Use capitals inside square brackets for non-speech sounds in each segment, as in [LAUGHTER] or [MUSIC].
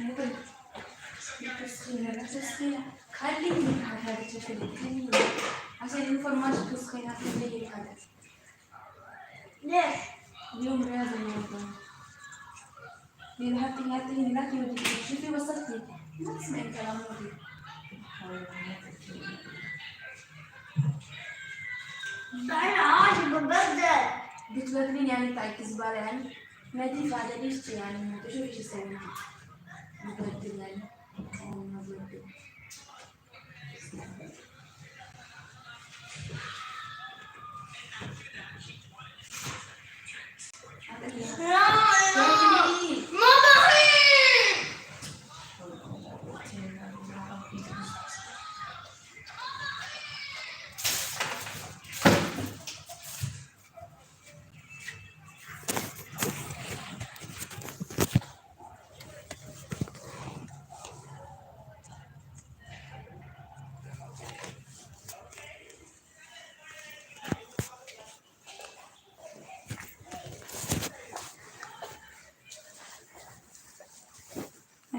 تسخينها تسخينها شوفي وصلتي ما تسمعي كلام ودي فأنا عاشق ببدل بتوريني يعني بتاعت الزبالة يعني ما تنفع فعلا ليش يعني ما تشوفيش السنة Ang birthday lang. Ang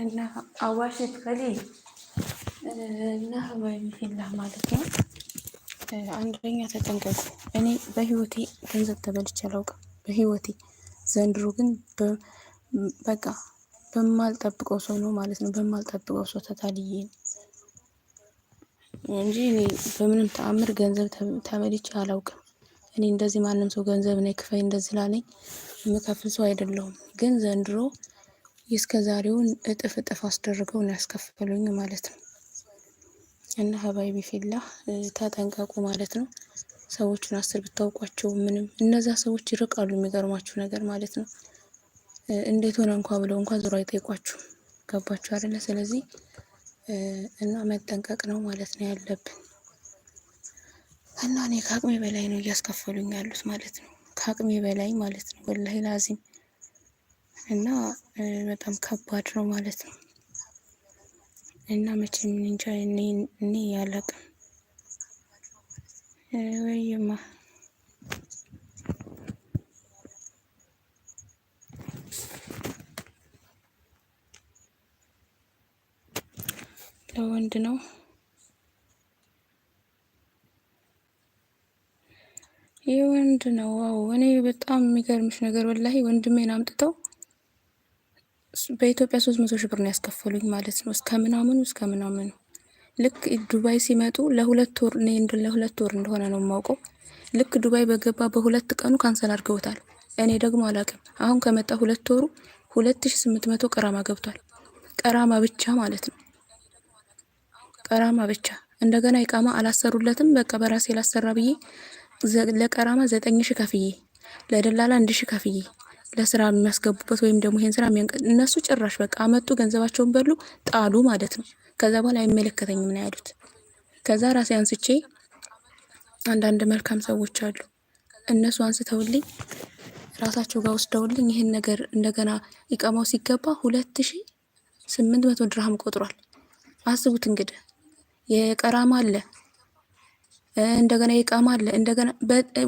እና አዋሽ ትከሊ እና ህባይ ማለት ነው። አንደኛ ተጠንቀቁ። እኔ በህይወቴ ገንዘብ ተበልቼ አላውቅም በህይወቴ። ዘንድሮ ግን በቃ በማልጠብቀው ሰው ነው ማለት ነው። በማልጠብቀው ሰው ተታልዬ እንጂ እኔ በምንም ተአምር ገንዘብ ተበልቼ አላውቅም። እኔ እንደዚህ ማንም ሰው ገንዘብ ነይ ክፈይ እንደዚህ ላለኝ የምከፍል ሰው አይደለሁም። ግን ዘንድሮ እስከ ዛሬውን እጥፍ እጥፍ አስደርገው ነው ያስከፈሉኝ ማለት ነው። እና ሀባይቢ ፊላ ተጠንቀቁ ማለት ነው። ሰዎቹን አስር ብታውቋቸው ምንም እነዛ ሰዎች ይርቃሉ። የሚገርማችሁ ነገር ማለት ነው እንዴት ሆነ እንኳ ብለው እንኳ ዙሮ አይጠይቋችሁ። ገባችሁ አይደለ? ስለዚህ እና መጠንቀቅ ነው ማለት ነው ያለብን። እና እኔ ከአቅሜ በላይ ነው እያስከፈሉኝ ያሉት ማለት ነው። ከአቅሜ በላይ ማለት ነው ወላሂ ላዚም እና በጣም ከባድ ነው ማለት ነው። እና መቼም እንጃ እኔ ያለቅም ወይማ ለወንድ ነው የወንድ ነው። ዋው እኔ በጣም የሚገርምሽ ነገር ወላሂ ወንድሜን አምጥተው በኢትዮጵያ ሶስት መቶ ሺህ ብር ነው ያስከፈሉኝ ማለት ነው። እስከ ምናምኑ እስከ ምናምኑ ልክ ዱባይ ሲመጡ ለሁለት ወር እኔ ለሁለት ወር እንደሆነ ነው የማውቀው። ልክ ዱባይ በገባ በሁለት ቀኑ ካንሰል አድርገውታል። እኔ ደግሞ አላውቅም። አሁን ከመጣ ሁለት ወሩ ሁለት ስምንት መቶ ቀራማ ገብቷል። ቀራማ ብቻ ማለት ነው። ቀራማ ብቻ እንደገና ይቃማ አላሰሩለትም። በቃ በራሴ ላሰራ ብዬ ለቀራማ ዘጠኝ ሺ ከፍዬ ለደላላ አንድ ሺ ከፍዬ ለስራ የሚያስገቡበት ወይም ደግሞ ይሄን ስራ እነሱ ጭራሽ በቃ አመጡ፣ ገንዘባቸውን በሉ፣ ጣሉ ማለት ነው። ከዛ በኋላ አይመለከተኝም ነው ያሉት። ከዛ ራሴ አንስቼ አንዳንድ መልካም ሰዎች አሉ፣ እነሱ አንስተውልኝ ራሳቸው ጋር ወስደውልኝ ይህን ነገር እንደገና ይቀማው ሲገባ ሁለት ሺ ስምንት መቶ ድርሃም ቆጥሯል። አስቡት እንግዲህ የቀራማ አለ እንደገና ይቃማ አለ። እንደገና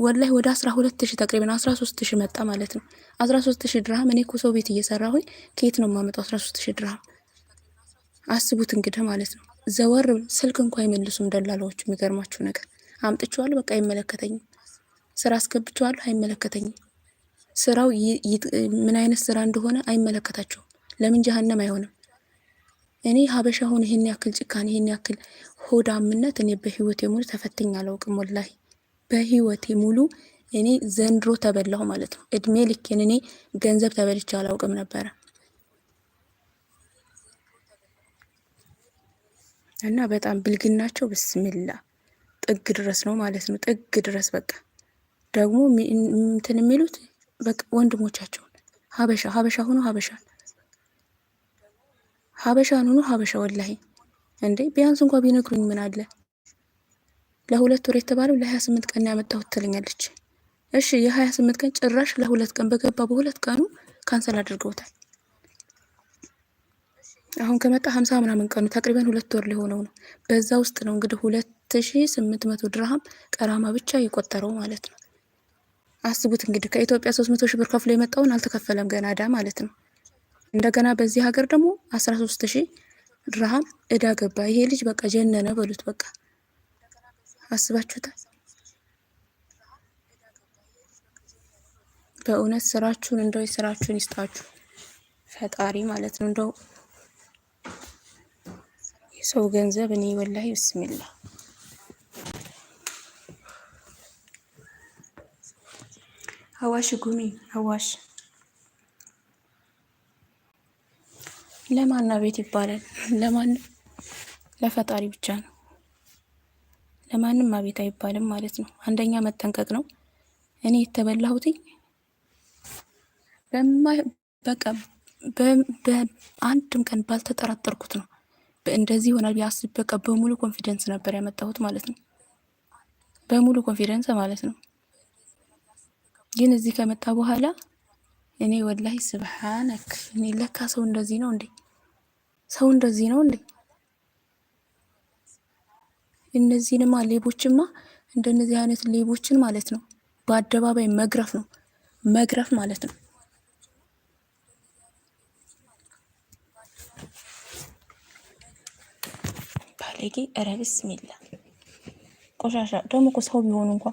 ወደ 12 ሺህ ተቅሪብን 13 ሺህ መጣ ማለት ነው። 13 ሺህ ድርሃም እኔ እኮ ሰው ቤት እየሰራሁኝ ከየት ነው የማመጣው 13 ሺህ ድርሃም? አስቡት እንግዲህ ማለት ነው። ዘወር ስልክ እንኳን አይመልሱም ደላላዎቹ። የሚገርማችሁ ነገር አምጥቼዋለሁ፣ በቃ አይመለከተኝም። ስራ አስገብቼዋለሁ፣ አይመለከተኝም። ስራው ምን አይነት ስራ እንደሆነ አይመለከታቸውም። ለምን ጀሀነም አይሆንም? እኔ ሀበሻ ሁን ይሄን ያክል ጭካን ይሄን ያክል ሆዳምነት እኔ በህይወቴ ሙሉ ተፈትኝ አላውቅም። ወላሂ በህይወቴ ሙሉ እኔ ዘንድሮ ተበላሁ ማለት ነው። እድሜ ልኬን እኔ ገንዘብ ተበልቼ አላውቅም ነበረ እና በጣም ብልግናቸው ብስሚላ ጥግ ድረስ ነው ማለት ነው። ጥግ ድረስ በቃ ደግሞ እንትን የሚሉት በቃ ወንድሞቻቸውን ሀበሻ ሀበሻ ሆኖ ሀበሻ ሀበሻ ሆኖ ሀበሻ ወላሂ እንዴ ቢያንስ እንኳ ቢነግሩኝ ምን አለ። ለሁለት ወር የተባለው ለሀያ ስምንት ቀን ያመጣሁት ትለኛለች። እሺ የሀያ ስምንት ቀን ጭራሽ ለሁለት ቀን በገባ በሁለት ቀኑ ካንሰል አድርገውታል። አሁን ከመጣ ሀምሳ ምናምን ቀኑ ተቅሪበን ሁለት ወር ሊሆነው ነው። በዛ ውስጥ ነው እንግዲህ ሁለት ሺ ስምንት መቶ ድርሃም ቀራማ ብቻ የቆጠረው ማለት ነው። አስቡት እንግዲህ ከኢትዮጵያ ሶስት መቶ ሺህ ብር ከፍሎ የመጣውን አልተከፈለም ገና እዳ ማለት ነው። እንደገና በዚህ ሀገር ደግሞ አስራ ሶስት ሺህ ድርሃም እዳ ገባ። ይሄ ልጅ በቃ ጀነነ በሉት። በቃ አስባችሁታል። በእውነት ስራችሁን እንደው ስራችሁን ይስጣችሁ ፈጣሪ ማለት ነው። እንደው የሰው ገንዘብ እኔ ወላሂ ብስሚላ አዋሽ ጉሚ አዋሽ ለማና ቤት ይባላል። ለማን? ለፈጣሪ ብቻ ነው። ለማንም አቤት አይባልም ማለት ነው። አንደኛ መጠንቀቅ ነው። እኔ የተበላሁትኝ በቃ ቀን ባልተጠራጠርኩት ነው። እንደዚህ ይሆናል ቢያስብ በቃ በሙሉ ኮንፊደንስ ነበር ያመጣሁት ማለት ነው። በሙሉ ኮንፊደንስ ማለት ነው። ግን እዚህ ከመጣ በኋላ እኔ ወላሂ ስብሓነክ፣ እኔ ለካ ሰው እንደዚህ ነው እንዴ! ሰው እንደዚህ ነው እንዴ! እነዚህንማ ሌቦችማ እንደነዚህ አይነት ሌቦችን ማለት ነው በአደባባይ መግረፍ ነው መግረፍ ማለት ነው። ባለጌ ኧረ ብስሚላ ቆሻሻ ደግሞ እኮ ሰው ቢሆኑ እንኳ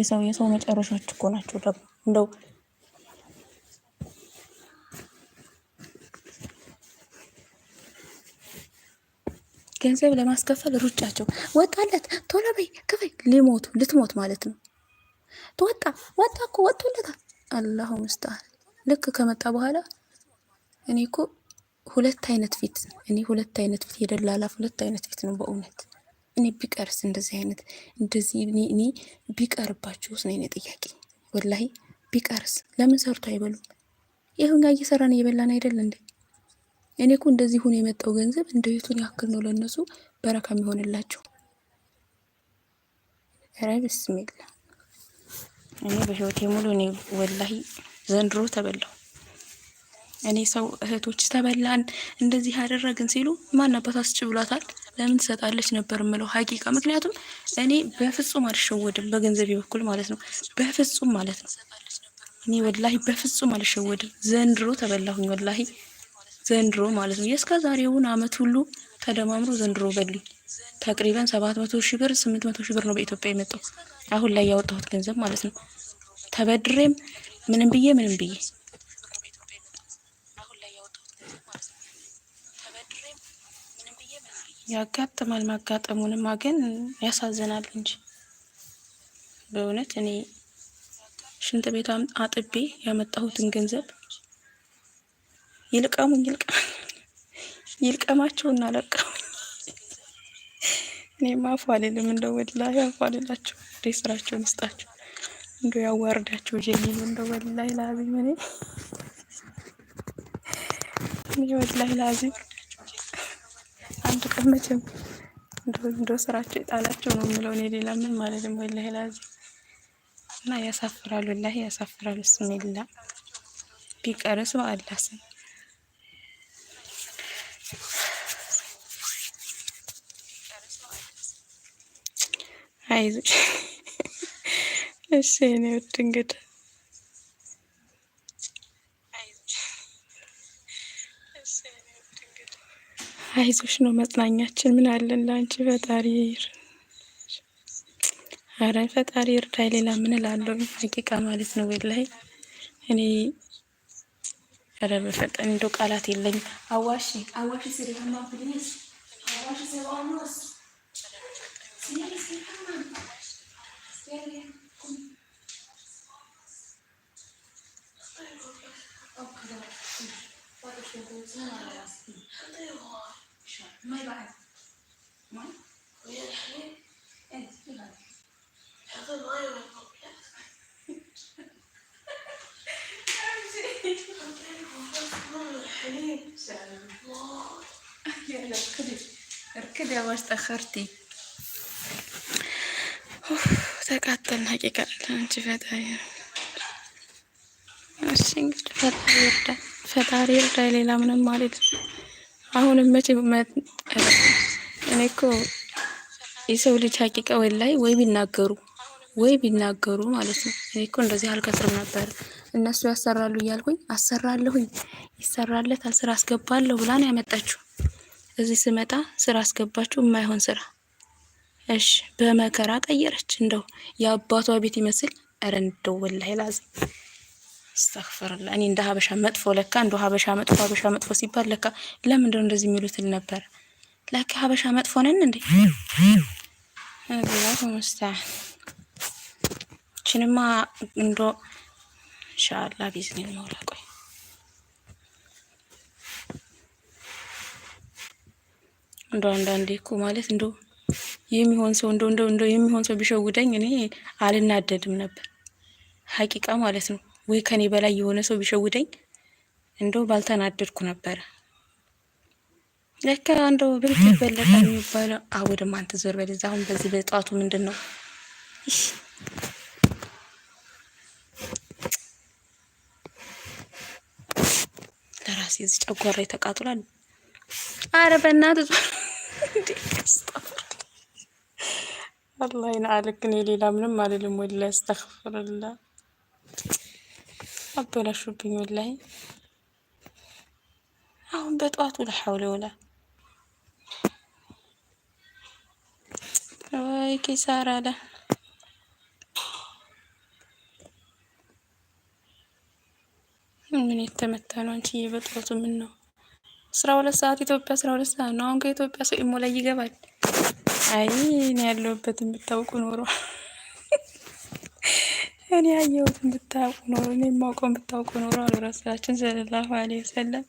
የሰው የሰው መጨረሻዎች እኮ ናቸው ደግሞ እንደው ገንዘብ ለማስከፈል ሩጫቸው ወጣለት። ቶሎ በይ ክፈይ፣ ሊሞቱ ልትሞት ማለት ነው። ወጣ ወጣ እኮ ወጥቶለታል። አላሁ ሙስተዓን። ልክ ከመጣ በኋላ እኔ እኮ ሁለት አይነት ፊት እኔ ሁለት አይነት ፊት የደላላ ሁለት አይነት ፊት ነው በእውነት እኔ ቢቀርስ እንደዚህ አይነት እንደዚህ እኔ ቢቀርባችሁ ነው የእኔ ጥያቄ ወላሂ ቢቀርስ ለምን ሰርቶ አይበሉም? ይህን ጋር እየሰራን እየበላን አይደል እንዴ? እኔ እኮ እንደዚህ ሁን የመጣው ገንዘብ እንደ ቤቱን ያክል ነው ለእነሱ በረካ የሚሆንላቸው? ኧረ ብስሚላ እኔ በህይወቴ ሙሉ እኔ ወላሂ ዘንድሮ ተበላው። እኔ ሰው እህቶች ተበላን እንደዚህ ያደረግን ሲሉ ማን አባት አስጭ ብሏታል? ለምን ትሰጣለች ነበር ምለው ሀቂቃ። ምክንያቱም እኔ በፍጹም አልሸወድም በገንዘቤ በኩል ማለት ነው፣ በፍጹም ማለት ነው። እኔ ወላሂ በፍጹም አልሸወድም። ዘንድሮ ተበላሁኝ፣ ወላሂ ዘንድሮ ማለት ነው። የእስከ ዛሬውን አመት ሁሉ ተደማምሮ ዘንድሮ በሉኝ። ተቅሪበን ሰባት መቶ ሺህ ብር ስምንት መቶ ሺህ ብር ነው በኢትዮጵያ የመጣው አሁን ላይ ያወጣሁት ገንዘብ ማለት ነው። ተበድሬም ምንም ብዬ ምንም ብዬ ያጋጥማል። ማጋጠሙንማ ግን ያሳዝናል እንጂ በእውነት እኔ ሽንት ቤት አጥቤ ያመጣሁትን ገንዘብ ይልቀሙኝ ይልቀማቸውና ለቀው። እኔማ አፉ አልልም፣ እንደው ወላሂ አፉ አልላቸው። እንደ ስራቸውን ይስጣቸው፣ እንደው ያዋርዳቸው ጀሚል። እንደው ወላሂ ላዚም እኔ እኔ ወላሂ ላዚም አንድ ቀን መቼም እንደው ስራቸው ይጣላቸው ነው የምለው እኔ ሌላ ምን ማለትም ወላሂ ላዚም እና ያሳፍራል፣ ወላሂ ያሳፍራል። ብስሚላ ቢቀርስ በአላህ ስም አይዞሽ። [LAUGHS] እሺ እኔ ውድ አይዞሽ ነው መጽናኛችን። ምን አለን ለአንቺ ፈጣሪ ኧረ ፈጣሪ እርዳይ። ሌላ ምን እላለሁ? ሀቂቃ ማለት ነው ወላሂ እኔ ኧረ በፈጠን እንደው ቃላት የለኝ። አዋሽ አዋሽ ስለማ ፕሊዝ ማይ ስለማስ ما يبعد ما እርክድ ያባስጠኸርቲ ተቃጠልን። ሀቂቃ አንቺ ፈጣሪ ፈጣሪ ይርዳ፣ ሌላ ምንም ማለት ነው። አሁንም መቼ እኔ እኮ የሰው ልጅ ሀቂቃ ወላይ ወይ ቢናገሩ ወይ ቢናገሩ ማለት ነው። እኔ እኮ እንደዚህ አልከስርም ነበር እነሱ ያሰራሉ እያልኩኝ አሰራለሁኝ ይሰራለታል ስራ አስገባለሁ ብላ ነው ያመጣችሁ። እዚህ ስመጣ ስራ አስገባችሁ የማይሆን ስራ። እሺ በመከራ ቀየረች። እንደው የአባቷ ቤት ይመስል ኧረ እንደው ወላሂ ላዝ አስተግፍርላ እኔ እንደ ሀበሻ መጥፎ ለካ እንደ ሀበሻ መጥፎ ሀበሻ መጥፎ ሲባል ለካ ለምንድነው እንደዚህ የሚሉትል ነበር ለካ ሀበሻ መጥፎ ነን እንዴ ብላ እችንማ እንዶ እንሻላ ቢዝነስ ነው እንዶ አንዳንዴ እኮ ማለት እንዶ የሚሆን ሰው እንዶ እንዶ እንዶ የሚሆን ሰው ቢሸውደኝ እኔ አልናደድም ነበር። ሀቂቃ ማለት ነው ወይ ከኔ በላይ የሆነ ሰው ቢሸውደኝ እንዶ ባልተናደድኩ ነበረ። ለካ እንዶ ብልጥ ይበለጣል የሚባለው። አሁን ወደ ማንተ ዞር በል እዛ። አሁን በዚህ በጠዋቱ ምንድን ነው? ራሴ እዚህ ጨጓራ ተቃጥሏል። አረ በእናትህ አላህ ይንአልክ። እኔ ሌላ ምንም አልልም። ወላሂ አስተግፍርላ አበላሹብኝ። ወላሂ አሁን በጠዋቱ ለሐውለ ወላ ወይ ኪሳራ አለ ምን የተመታ ነው አንቺዬ? በጠዋቱ ምን ነው አስራ ሁለት ሰዓት ኢትዮጵያ አስራ ሁለት ሰዓት ነው። አሁን ከኢትዮጵያ ሰው ኢሞ ላይ ይገባል። አይ እኔ ያለሁበትን ብታውቁ ኖሮ እኔ ያየሁትን ብታውቁ ኖሮ እኔ የማውቀውን ብታውቁ ኖሮ አሉ ረሱላችን ሰለላሁ ዐለይሂ ወሰለም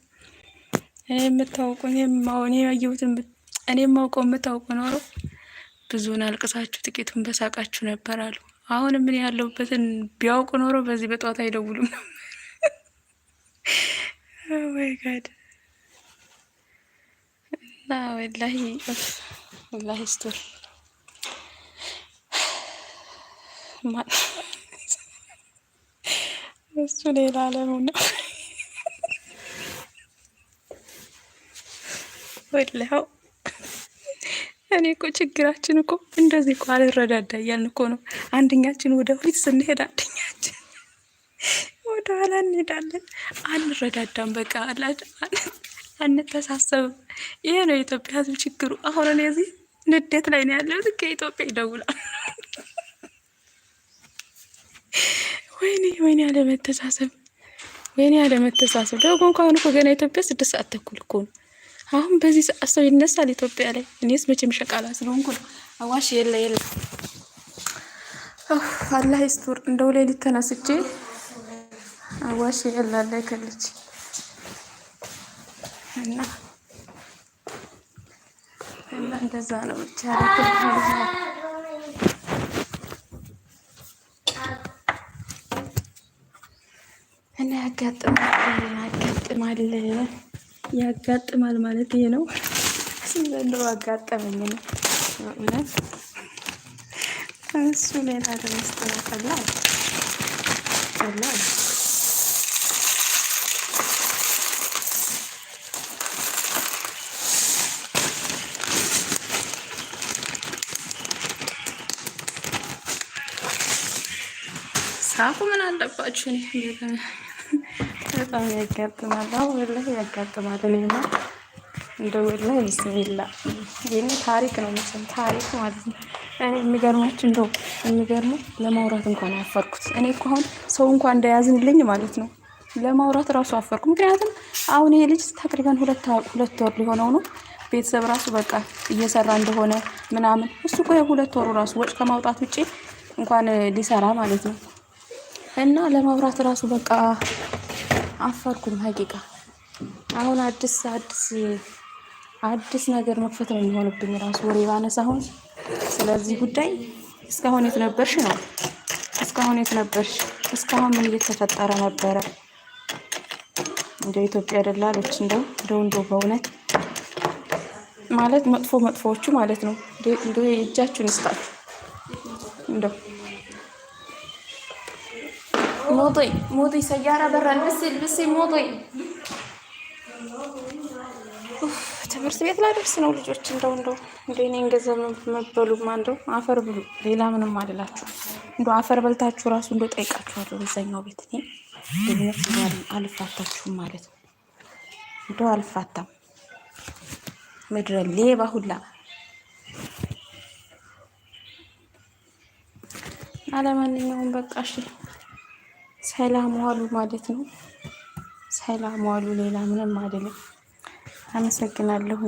እኔ የምታውቁ እኔ ያየሁትን እኔ የማውቀውን ብታውቁ ኖሮ ብዙውን አልቅሳችሁ ጥቂቱን በሳቃችሁ ነበር አሉ። አሁን ምን ያለሁበትን ቢያውቁ ኖሮ በዚህ በጠዋት አይደውሉም ነበር። ወይ ጋድ እና ወላሂ ወላሂ ስቶሪ እሱ ሌላ አለሙ ነው። ወላሂው እኔ እኮ ችግራችን እኮ እንደዚህ እኮ አልረዳዳ እያልን እኮ ነው። አንደኛችን ወደ ፊት ስንሄድ አንደኛ ወደ ኋላ እንሄዳለን፣ አንረዳዳም፣ በቃ አንተሳሰብም። ይሄ ነው የኢትዮጵያ ሕዝብ ችግሩ። አሁን እኔ እዚህ ንዴት ላይ ነው ያለሁት። ከኢትዮጵያ ይደውላል። ወይኔ ወይኔ፣ አለመተሳሰብ፣ ወይኔ አለመተሳሰብ። ደግሞ እንኳን እኮ ገና ኢትዮጵያ ስድስት ሰዓት ተኩል እኮ ነው። አሁን በዚህ ሰዓት ሰው ይነሳል ኢትዮጵያ ላይ? እኔስ መቼም ሸቃላ ስለሆንኩ ነው። አዋሽ የለ የለ፣ አላህ ይስጥር። እንደው ሌሊት ተነስቼ አዋሽ ይላል ከልጅ እና እና እንደዛ ነው ብቻ እና ያጋጥማል ያጋጥማል ያጋጥማል ማለት ይሄ ነው። ዘንድሮ አጋጠመኝ ነው እሱ ሌላ ቀላል ሳቁ ምን አለባችሁ? በጣም ያጋጥማል። አሁ ወላሂ ያጋጥማል። እኔማ እንደ ወላሂ ብስሚላ ይህን ታሪክ ነው መቼም ታሪክ ማለት ነው። እኔ የሚገርማችሁ እንደው የሚገርመው ለማውራት እንኳን አፈርኩት። እኔ እኮ አሁን ሰው እንኳን እንደያዝንልኝ ማለት ነው ለማውራት ራሱ አፈርኩ። ምክንያቱም አሁን ይሄ ልጅ ተቅሪበን ሁለት ወር ሊሆነው ነው። ቤተሰብ ራሱ በቃ እየሰራ እንደሆነ ምናምን እሱ እኮ የሁለት ወሩ ራሱ ወጭ ከማውጣት ውጭ እንኳን ሊሰራ ማለት ነው እና ለማብራት እራሱ በቃ አፈርኩም ሀቂቃ። አሁን አዲስ አዲስ አዲስ ነገር መክፈት ነው የሚሆንብኝ ራሱ ወሬ ባነስ አሁን ስለዚህ ጉዳይ እስካሁን የት ነበርሽ ነው እስካሁን የት ነበርሽ? እስካሁን ምን እየተፈጠረ ነበረ? እንደ ኢትዮጵያ ደላሎች እንደው እንደው እንደው በእውነት ማለት መጥፎ መጥፎዎቹ ማለት ነው እንደ እጃችሁን ይስጣችሁ እንደው موضي موضي سيارة برا البسي البسي موضي ትምህርት ቤት ላይ ደርስ ነው ልጆች። እንደው እንደው እንደ እኔን ገንዘብ መበሉማ እንደው አፈር ብሉ፣ ሌላ ምንም አልላችሁ። እንደው አፈር በልታችሁ ራሱ እንደው ጠይቃችኋለሁ። በዛኛው ቤት እኔ ድነት አልፋታችሁም ማለት ነው። እንደው አልፋታም ምድረ ሌባ ሁላ አለማንኛውም በቃ እሺ። ሰላም ዋሉ ማለት ነው። ሰላም ዋሉ፣ ሌላ ምንም አይደለም። አመሰግናለሁ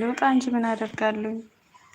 ልውጣ እንጂ ምን አደርጋለሁ?